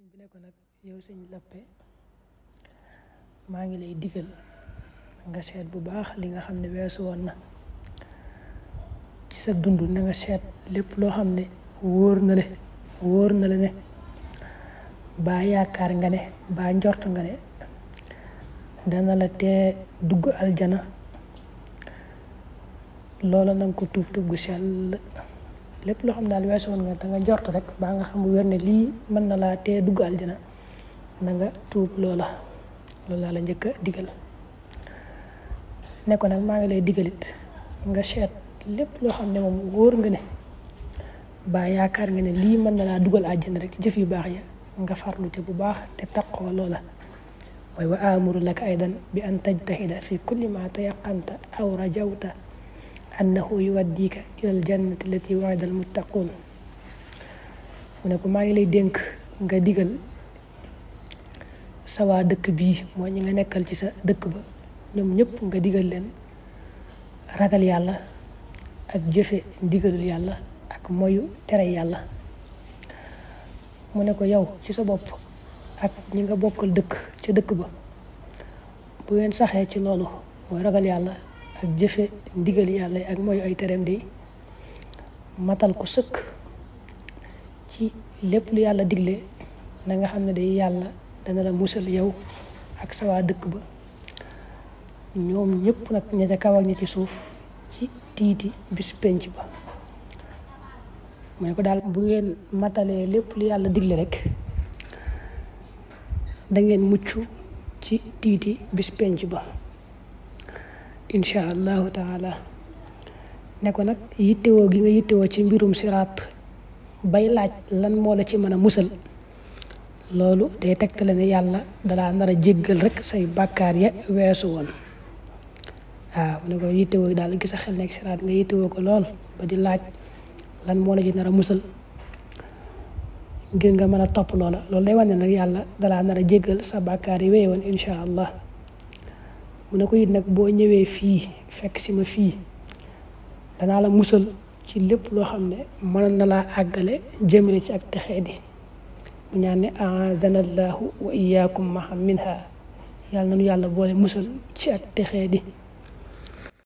sëñ bi ne ko nag yow sëñ Lappé maa ngi lay digal nga seet bu baax li nga xam ne weesu woon na ci sa dund na nga seet lépp loo xam ne wóor na le wóor na la ne baa yaakaar nga ne baa njort nga ne dana la tee dugg aljana loola nanga ko tuub tuub gu sell lepp lo xamna lu wessu na da nga jort rek ba nga xam wér ne li mën na la te dugg aljana na nga tuup lola lola la ñëk digal ne ko nak ma nga lay digalit nga xet lepp lo xamne ne moom nga ne ba yaakar nga ne li man na la dugal àjjana rek ci jëf yu baax ya nga farlu ci bu baax te takko lola way wa amuru lak aydan bi an tajtahida fi kulli ma tayaqanta aw rajawta annahu yuwaddika ilal jannati allati wa'ada al muttaqun mu ne ko maa ngi lay dénk nga digal sa wa dekk bi mo ñi nga nekkal ci sa dekk ba ñom ñëpp nga digal len ragal yalla ak jëfé digalul yalla ak moyu téré yalla mu ne ko yow ci sa bop ak ñi nga bokkal dekk ci dekk ba bu ngeen saxé ci lolu mooy ragal yalla ak jëfe ndigal yàlla ak mooy ay tereem di matal ko sëkk ci lépp lu yàlla digle na nga xam ne day yàlla dana la musal yow ak sawaa dëkk ba ñoom ñëpp nag ña ca kaw ci suuf ci tiiti bis penc ba mu ko daal bu ngeen matalee lépp lu yàlla digle rek da muccu ci tiiti bis penc ba incha allahu taala ne ko nag yittewoo gi nga yittewoo ci mbirum siraat bay laaj lan moo la ci mën a musal loolu day tegtale ne yàlla dalaa nar a jéggal rek say bàkkaar ya weesu woon waaw ne ko yittewoo daal gi sa xel nekk siraat nga yittewoo ko lool ba di laaj lan moo la ci nar a musal ngir nga mën a topp loola loolu day wane nag yàlla dalaa nar a jéggal sa bàkkaar yi wéy woon incha allah mu ne ko it nag boo ñëwee fii fekk si ma fii danaa la musal ci lépp loo xam ne mënoon na laa àggale jëmale ci ak texee di mu ñaan ne aadana allahu wa iyaakum maha minha yàlla nanu yàlla boole musal ci ak texee di